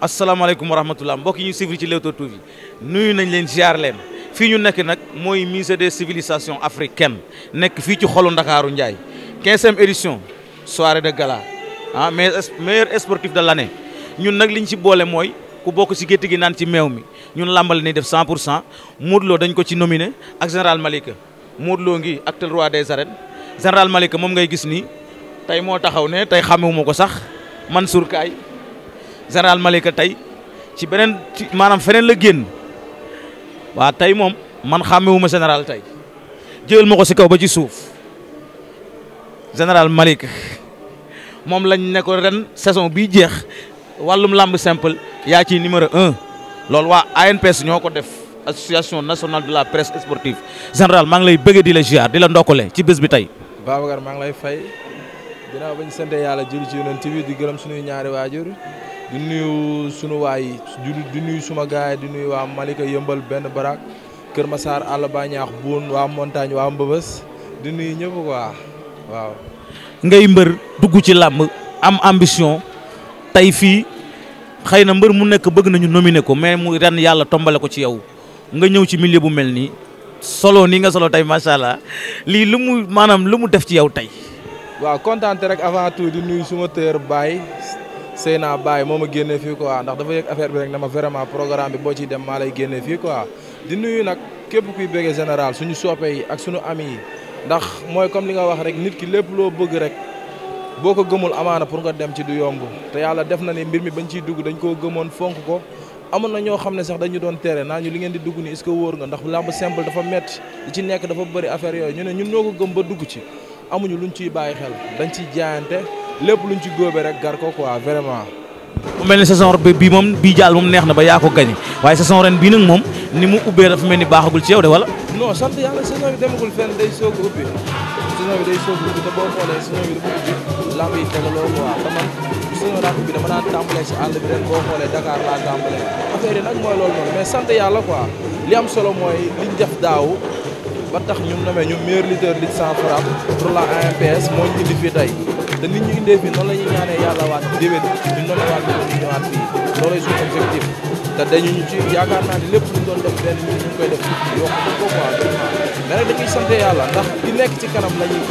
asalaamaaleykum wa rahmatulah mbokk yi ñu suivre ci Leewtoo TV nuyu nañ leen ziar leen fii ñu nekk nag mooy musée des civilisations kenn nekk fii ci xolu Ndakaaru Ndiaye quinzième édition soirée de gala ah meilleur sportif de l'année ñun nag li ñu ci boole mooy ku bokk ci gétt gi naan ci meew mi ñun làmbali ni def 100 pour cent Modou Lo dañ ko ci nominé ak général Malika Modou Lo ngi actuel roi des arènes général Malika moom ngay gis nii tey moo taxaw ne tey xamewuma ko sax Mansour Kaye général Malika tey ci beneen maanaam feneen la génn waa tey moom man xàmmewuma général tey jël ma ko si kaw ba ci suuf général Malika moom lañ ne ren saison bii jeex wàllum lamb simple yaa ci numéro un loolu waa ANPS ñoo ko def association nationale de la presse sportive général maa ngi lay bëgg di la ziar di la le ci bés bi tey. Babacar maa ngi lay fay ginnaaw bañ sante yàlla jëli ci yonent bi di gërëm suñuy ñaari waajur di nuyu sunu waay di nuyu suma gaay di nuyu waa Malika yëmbal benn barak Kër ma Massar àll ba ñaax buun waa montagne waa mbëbës di nuyu ñëpp quoi waaw. ngay mbër dugg ci làmb am ambition tey fii xëy na mbër mu nekk bëgg nañu nominer ko mais mu ren yàlla tombale ko ci yow nga ñëw ci milieu bu mel nii solo nii nga solo tey macha allah lii lu mu maanaam lu mu def ci yow tey. waaw kontaan rek avant di nuyu suma tër Baye Seyna Baye moo ma génnee fii quoi ndax dafa yëg affaire bi rek na ma vraiment programme bi boo ciy dem maa lay génnee fii quoi di nuyu nag képp kuy bëggee général suñu soope yi ak suñu ami yi ndax mooy comme li nga wax rek nit ki lépp loo bëgg rek boo ko gëmul amaana pour nga dem ci du yomb te yàlla def na ni mbir mi bañ ciy dugg dañ koo gëmoon fonk ko amoon na ñoo xam ne sax dañu doon tere naa ñu li ngeen di dugg ni est-ce que wóor nga ndax làmb simple dafa métti li nekk dafa bëri affaire yooyu ñu ne ñun ñoo ko gëm ba dugg ci amuñu luñ ciy bàyyi xel dañ ciy jaayante lépp luñ ci góobee rek gar ko quoi vraiment. mu mel ni saison bi bii moom bii jaal moom neex na ba yaa ko gañe waaye saison ren bii nag moom ni mu ubbee dafa mel ni baaxagul ci yow de wala. non sant yàlla saison bi demagul fenn day soog a ubbi saison bi te boo xoolee saison bi dafa ubbi lamb yi tegaloo quoi te man saison daa ubbi dama daan tàmbalee si àll bi ren boo xoolee Dakar laa tàmbalee affaire yi nag mooy loolu noonu mais sant yàlla quoi li am solo mooy liñ daaw ba tax ñu namee ñu meilleur lutteur lutte sans frappe te nit ñu indee fii noonu la ñuy yàlla waat déwén ñu noonu waat ñu ñëwaat fii loolay suñu objectif te dañu ci yaakaar naa ne lépp luñ doon def benn ñu koy def yokk ko quoi mais nag dañuy sant yàlla ndax ki nekk ci kanam la ñuy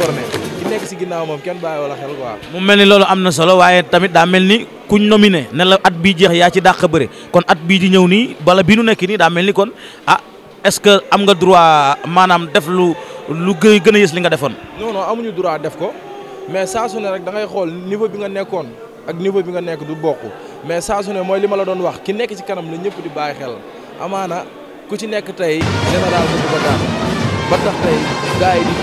ki nekk si ginnaaw moom kenn bàyyi wala xel quoi. mu mel ni loolu am na solo waaye tamit daa mel ni kuñ nomine ne la at bi jeex yaa ci dàq bëre kon at bii di ñëw nii bala bi nu nekk nii daa mel ni kon ah est-ce que am nga droit maanaam def lu lu gën a yées li nga defoon. non def ko. mais saa su ne rek da ngay xool niveau bi nga nekkoon ak niveau bi nga nekk du bokk mais saa su ne mooy li ma la doon wax ki nekk ci kanam la ñëpp di bàyyi xel amaana ku ci nekk tey général bu ko daan ba tax tey gars di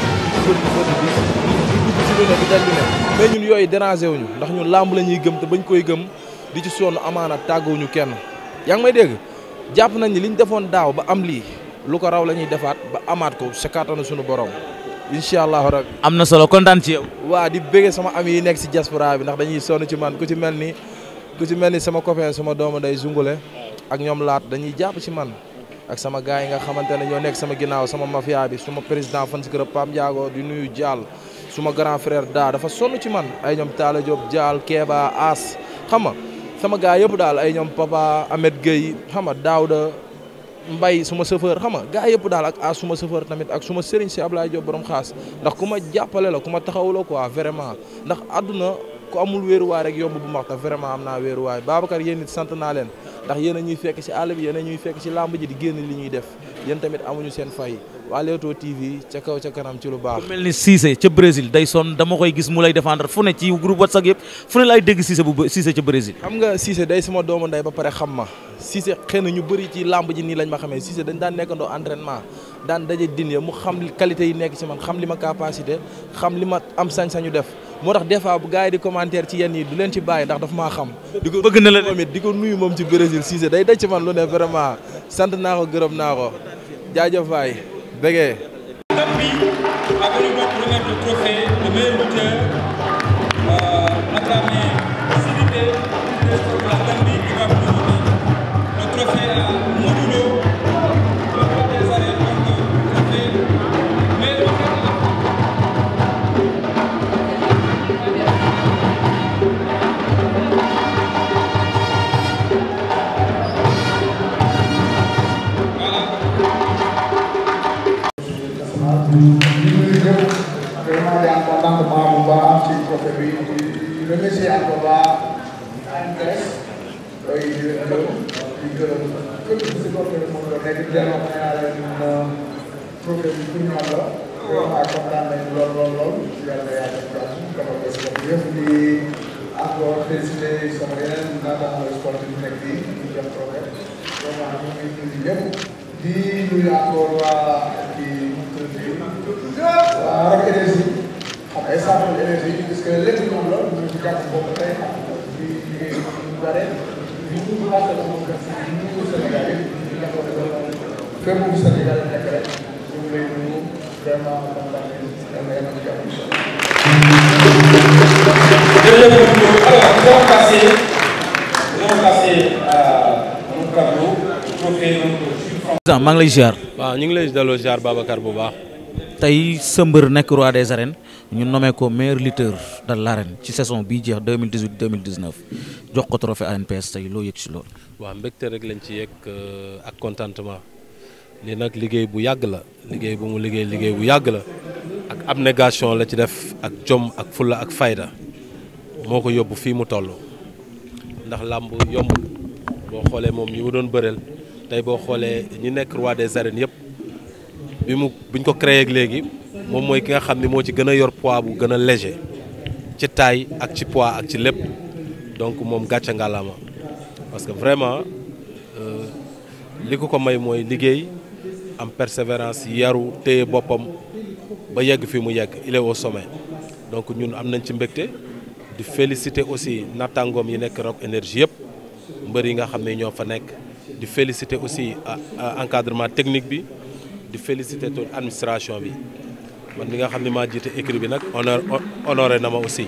bët bët bi di dugg ci lu ne di dal lu ne mais ñun yooyu dérangé wuñu ndax ñun làmb la ñuy gëm te bañ koy gëm di ci sonn amaana tàgguwuñu kenn yaa ngi may dégg jàpp nañ liñ defoon daaw ba am lii lu ko raw la ñuy defaat ba amaat ko sa kattanu suñu borom incha allah rabbi am na solo kontaan ci yow. waa di bëggee sama am yi nekk si diaspora bi ndax dañuy sonn ci man ku ci mel ni ku ci mel ni sama copain sama doomu day zungule ak ñoom laat dañuy jàpp ci man ak sama gars yi nga xamante ne ñoo nekk sama ginnaaw sama mafia bi suma président fan si kër di nuyu Diall suma grand frère daa dafa sonn ci man ay ñoom Talla jaal Diall Keba As xam nga sama gars yëpp daal ay ñoom papa Ahmed Gueye xam daaw da mbay suma chauffeur xam nga gaa yëpp daal ak as ah, suma chauffeur tamit ak suma sëriñ si Ablaye Diop borom xaas ndax ku ma jàppale la ku ma taxaw la quoi vraiment ndax àdduna ku amul wéeruwaay rek yomb bu max tax vraiment am naa wéeruwaay Babacar yéen nit sant naa leen ndax yéen ñuy fekk si àll bi yéen ñuy fekk si làmb ji di génn li ñuy def yéen tamit amuñu seen fay waa Leewtoo TV ca kaw ca kanam ci lu baax. ku mel ni Cissé ca Brésil day sonn dama koy gis mu lay défendre fu ci groupe WhatsApp yëpp fu ne laay bu Cissé ca Brésil. xam nga Cissé day sama doomu ndey ba pare xam ma Cissé xëy na ñu bëri ci làmb ji nii lañ ma xamee Cissé dañ daan nekkandoo entraînement daan daje din ya xam qualité yi nekk ci man xam li ma capacité xam li ma am sañ-sañu def. moo tax des fois bu gars yi di commentaire ci yenn leen ci bàyyi ndax daf maa xam. di ko bëgg na la di ko nuyu moom ci Brésil Cissé day daj ci man lu ne vraiment sant naa ko gërëm naa ko. jaajëf waay ko félicité sama yeneen naataango sportif bi nekk fii ñu jëm problème vraiment ñu ngi nuyu ñëpp di nuyu encore waa kii waa Rock Énergie xam nga exemple énergie parce que lépp ñoom la ñu ci jàpp boobu tey xam nga di liggéey ñu bare ñu ñu laajte la moom kat si ñu ko Sénégal yi ñu nekk ko fépp bu Sénégal nekk rek ñu lay nuyu vraiment kontaan nañu yàlla yàlla ñu jàpp incha allah passé, nous allons maa ngi lay ziar. waaw ñu ngi lay delloo ziar Babacar bu baax. tey sa mbër nekk roi des arènes ñu nommé ko meilleur lutteur de l'arène ci saison bii jeex 2018 2019 jox ko trophée ANPS tey loo yëg si lool waa mbégte rek lañ ci yegg euh, ak contentement li nag liggéey bu yàgg la liggéey bu mu liggéey liggéey bu yàgg la ak abnégation la ci def ak jom ak fulla ak fayda moo ko yóbbu fii mu toll. ndax làmb yombul boo xoolee moom ñi mu doon bëreel tey boo xoolee ñi nekk roi des arènes yëpp bi mu buñ ko créé ak léegi moom mooy ki nga xam ni moo ci gën a yor pois bu gën a léger ci taille ak ci pois ak ci lépp donc moom gàcce ngàllaama parce que vraiment euh, li ko ko may mooy liggéey am persévérance yaru téye boppam ba yegg fi mu yegg il est au sommet donc ñun am nañ ci mbégte di félicité aussi nattangoom yi nekk Rock Énergie yëpp mbër yi nga xam ne ñoo fa nekk di félicité aussi encadrement technique bi di félicité toute administration bi man mi nga xam ne maa jiite écrit bi nag honor honoré na ma aussi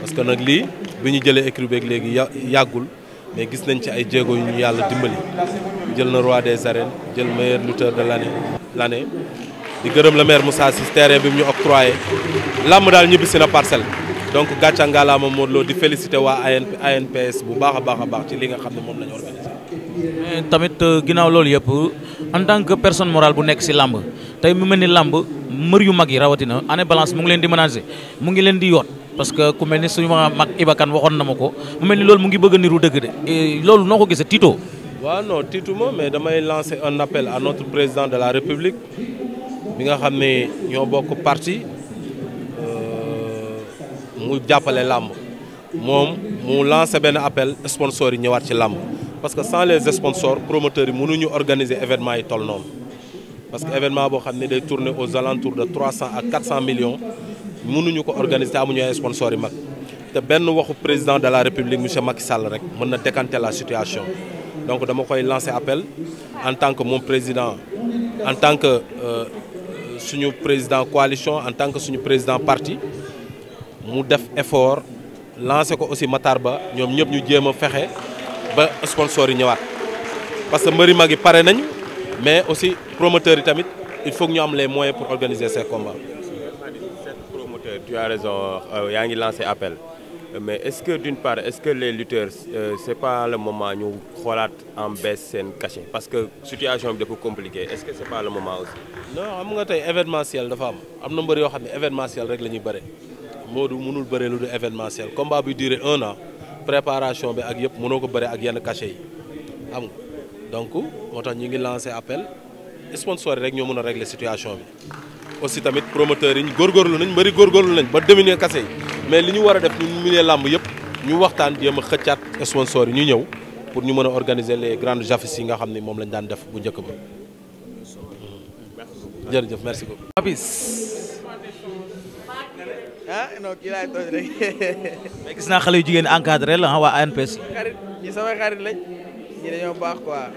parce que nag lii bi ñu jëlee écrit beeg léegi yàggul mais gis nañ ci ay jéego yu ñu yàlla dimbali jël na roi des arènes jël meilleur lutteur de l'année l'année di gërëm le maire Moussa Ciss terrain bi mu ñu octroyé làmb daal ñibbisi na parcelle donc gàcca moom Modou Lo di félicité waa ANPS bu baax a baax a baax ci li nga xam ne moom la ñu organisé. Eh, tamit euh, ginnaaw loolu yëpp en tant que personne morale bu nekk si làmb tey mu mel ni làmb mbër yu mag yi rawatina année balance mu ngi leen di ménager mu ngi leen di yoot parce que ku mel ni suñu mag Ibakan waxoon na ma ko mu mel ni loolu mu ngi bëgg a niru dëgg de eh, loolu noo ko gisee tiito. waaw non tiitu ma mais damay lancer un appel à notre président de la république bi nga xam ne ñoo bokk parti. mu jàppale làmb moom mu lancé benn appel sponsors yi ñëwaat ci làmb parce que sans les sponsors promoteur yi mënuñu organiser événement yi toll noonu parce que événement boo xam ne day tourner aux alentours de trois cent à quatre cent millions mënuñu ko organiser te amuñu ay sponsors yi mag te benn waxu président de la république monsieur Macky Sall rek mën na décanter la situation donc dama koy lancer appel en tant que moom président en tant que euh, suñu président coalition en tant que suñu président parti mu def effort lancé ko aussi Matar Ba ñoom ñëpp ñu jéem a fexe ba sponsor yi ñëwaat parce que mbëri mag yi pare nañ mais aussi promoteurs yi tamit il faut ñu am les moyen pour organiser ces combats. promoteur tu euh, yaa ngi lancé appel mais est-ce que d'une part est-ce que les lutteurs euh, c'est pas le moment ñu xoolaat en baisse seen cachet parce que situation bi dafa compliqué est-ce que c'est pas le moment aussi. non xam nga tey événementiel dafa am am na mbëri yoo xam ne événementiel rek la ñuy bëre. moo Modou mënul bëre lu du événementiel combat bi duré un an préparation bi ak yëpp mënoo ko bëre ak yenn cachet yi xam nga donc moo tax ñu ngi lancé appel sponsor yi rek ñoo mën a régler situation bi. aussi tamit promoteurs yi góorgóorlu nañ mbëri góorgóorlu nañ ba dominer cachet yi mais li ñu war a def ñu munee làmb yëpp ñu waxtaan jéem a xëccaat sponsor yi ñu ñëw pour ñu mën a organiser les grandes affiches yi nga xam ne moom lañ daan def bu njëkk ba. jërëjëf merci ah non kii laay tooñ rek. mais gis naa xale yu jigéen encadré la ah waa ANPS. xarit ñi xarit lañ ñi dañoo baax quoi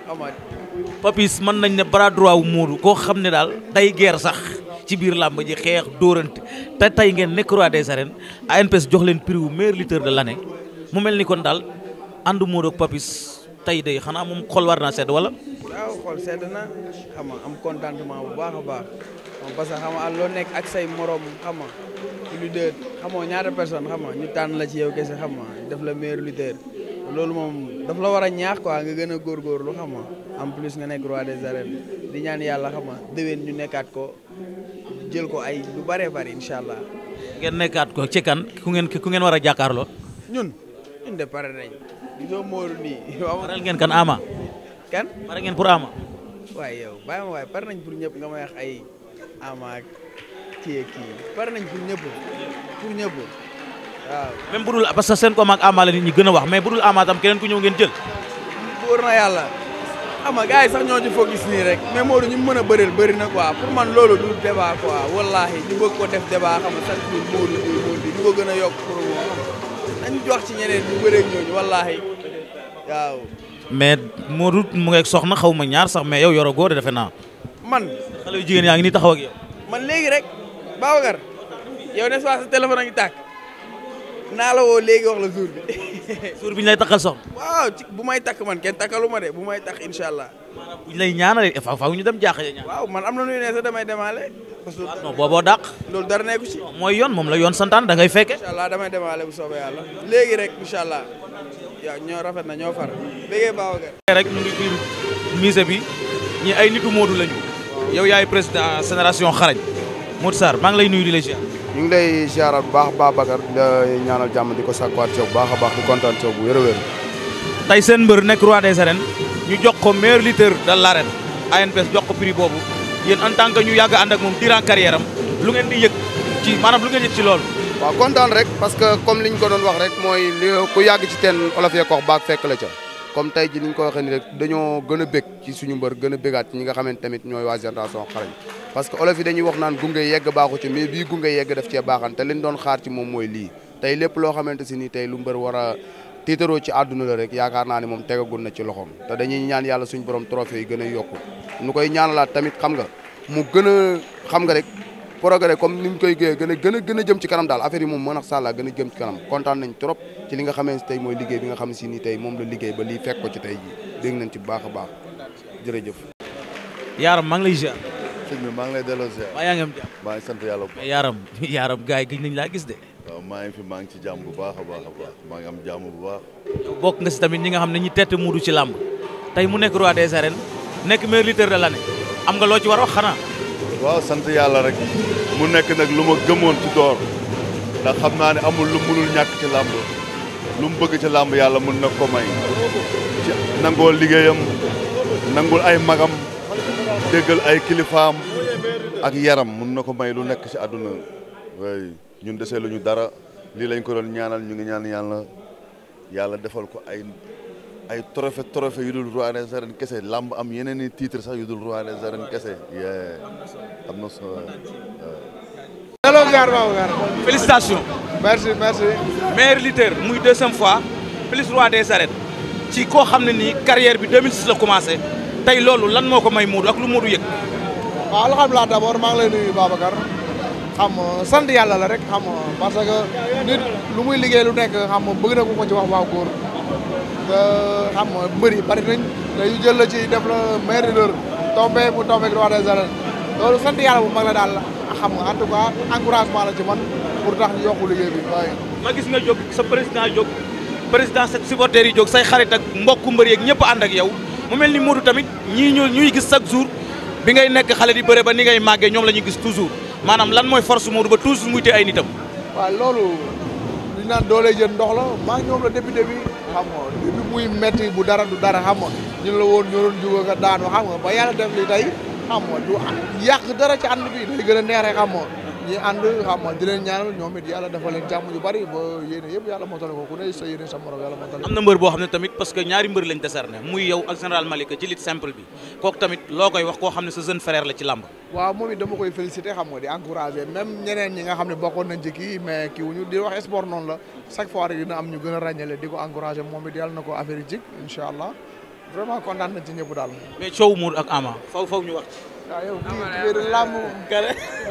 Papis mën nañ ne bras droit wu Modou koo xam ne daal day guerre sax ci biir làmb ji xeex dóorante te tey ngeen nekk roi des arènes ANPS jox leen prix wu meilleur lutteur de l'année mu mel ni kon daal ànd Modou ak Papis. tey de xanaa moom xol war naa sedd wala. waaw xol sedd na xam am contentement bu baax a baax parce que xam loo nekk lutteur xamoo ñaata personne xamoo ñu tànn la ci yow kese xamoo def la meilleur lutteur loolu moom daf la war a ñaax quoi nga gën a góorgóorlu xamoo en plus nga nekk roi des arènes di ñaan yàlla xamoo déwén ñu nekkaat ko jël ko ay lu bëree bëri incha allah. ngeen nekkaat ko ci kan ku ngeen ku ngeen war a jàkkaarloo. ñun ñun de pare nañ disoo Mawlu nii. paral ngeen kan Ama. kan pare ngeen pour Ama. waaye yow bàyyi ma waaye pare nañ pour ñëpp nga may ay Ama téye kii pare nañ pour ñëpp pour ñëpp waaw. même bu dul parce que seen ko mag Ama la nit ñi gën wax mais bu dul Ama tam keneen ku ñëw ngeen jël. wóor na yàlla ama gars sax ñoo ci nii rek mais Modou ñu mën a bëreel bëri na quoi pour man loolu du débat quoi wallahi ñu bëgg ko def débat a yokk pour moom dañ jox xaw ma ñaar sax mais yow yoroo góor defe naa. man xale yu jigéen yaa ngi nii taxaw ak man léegi rek. Babacar yow n'est-ce pas sa téléphone ngi tàkk naa la woo léegi wax la jour bi. jour bi ñu lay takkal soxna. waaw bu may takk man kenn takkalu ma de bu may takk incha allah. maanaam bu ñu lay ñaanalee eh, ñu dem jaaxle ñaan. waaw man am na lu ne sax damay demaale. parce que non booboo dàq. loolu dara nekku ci. mooy yoon moom la yoon santaan da ngay fekke. incha allah damay demaale bu soobee yàlla. léegi rek incha allah waaw ñoo rafet na ñoo far léegi Babacar. rek bi ñi ay nitu Modou lañu. yow yaay président génération xarañ. Modou Sarr maa ngi lay nuyu di lay ziar. ñu ngi lay ziaraat bu baax Babacar di ñaanal jàmm di ko sakkuwaat ci bu baax a baax di kontaan ci bu wér a wér. seen mbër nekk roi des ñu jox ko meilleur lutteur de l'arène ANPS jox ko prix boobu yën en tant que ñu yàgg àndak moom durant carrière am lu ngeen di yëg ci maanaam lu ngeen yëg ci loolu. waaw kontaan rek parce que comme liñ ko doon wax rek mooy li yàgg ci teen olof yee ko wax baag fekk la ca comme tey ji niñ ko waxee ni rek dañoo gën a bég ci suñu mbër gën a bégaat ci ñi nga xamante tamit ñooy waa génération xarañ parce que olof yi dañuy wax naan gunge yegg baaxu ci mais bii gunge yegg daf cee baaxan te liñ doon xaar ci moom mooy lii tey lépp loo xamante ni tey lu mbër war a tiitaroo ci àdduna la rek yaakaar naa ne moom tegagul na ci loxoom te dañuy ñaan suñ borom trophée yi gën a yokku nu koy ñaanalaat tamit xam nga mu gën a xam nga rek progrès comme ni ñu koy gëyee gën a gën a gën a jëm ci kanam daal affaire yi moom mën ak sàlla gën a jëm ci kanam kontaan nañ trop nga xamee si mooy liggéey bi nga xam si ni tey moom la liggéey ba lii fekk ko tey ji dégg nañ ci baax a baax jërëjëf sëñ bi maa ngi lay delloo ziar. maa yaa ngi am jàmm maa ngi sant yàlla bu baax. yaaram yaaram laa gis de. waaw maa ngi fi maa ngi ci jàmm bu baax a baax a baax maa ngi am jàmm bu baax. bokk nga si tamit ñi nga xam ne ñi tett muudu ci làmb tey mu nekk roi des arènes nekk meilleur lutteur de l'année am nga loo ci war a wax xanaa. waaw sant yàlla rek mu nekk nag lu ma gëmoon ci door ndax xam naa ne amul lu munul ñàkk ci làmb lu mu bëgg ci làmb yàlla mën na ko may ci nangoo liggéeyam nangul ay magam déggal ay kilifaam ak yaram mun na ko may lu nekk ci àdduna ñun desee lu ñu dara lii lañ ko doon ñaanal ñu ngi ñaan yàlla yàlla defal ko ay ay trophée trophée yu dul roi des arènes kese làmb am yeneen i titre sax yu dul roi des arènes kese yee am na solo daloo gaar waaw gaar merci merci meilleur lutteur muy deuxième fois plus roi des arènes ci koo xam ne nii carrière bi la commencé tey loolu lan moo ko may Modou ak lu Modou yëg. waaw alhamdulilah d'abord maa ngi lay nuyu Babacar xam sant yàlla la rek xam parce que nit lu muy liggéey lu nekk xam bëgg na ku ko ci wax waa góor te xam nga mbër yi bari nañ dañu jël la ci def la maire de l'heure tombé mu tombé roi des arènes loolu sant yàlla bu mag la daal xam nga en tout encouragement la ci man pour tax ñu yokku liggéey bi waaye. ma gis nga jóg sa président jóg président sa supporters yi jóg say xarit ak mbokku mbër yeeg ñëpp ànd ak yow. mu mel ni Modou tamit ñii ñoo ñuy gis chaque jour bi ngay nekk xale di bëre ba ni ngay màggee ñoom la ñuy gis toujours maanaam lan mooy force Modou ba toujours muy te ay nitam. waaw loolu li naan doole jën ndox la maa ñoom la depuis début xam nga muy metti bu dara du dara xam nga la woon ñoo doon jóg nga daanu xam nga ba yàlla def li tey xam du yàq dara ci ànd bi day gën a neexee xam ñi ànd xam nga di leen ñaanal ñoom yàlla dafa jàmm yu bari ba yéene yëpp yàlla mootale ko ku ne sa yéene sa morom yàlla mootale am na mbër boo xam ne tamit parce que ñaari mbër lañ décerné muy yow ak général Malika ci lutte simple bi kooku tamit loo koy wax koo xam ne sa jeune frère la ci làmb waaw moom it dama koy féliciter xam nga di encourager même ñeneen ñi nga xam ne bokkoon nañ ci kii mais kii wuñu di wax sport noonu la chaque fois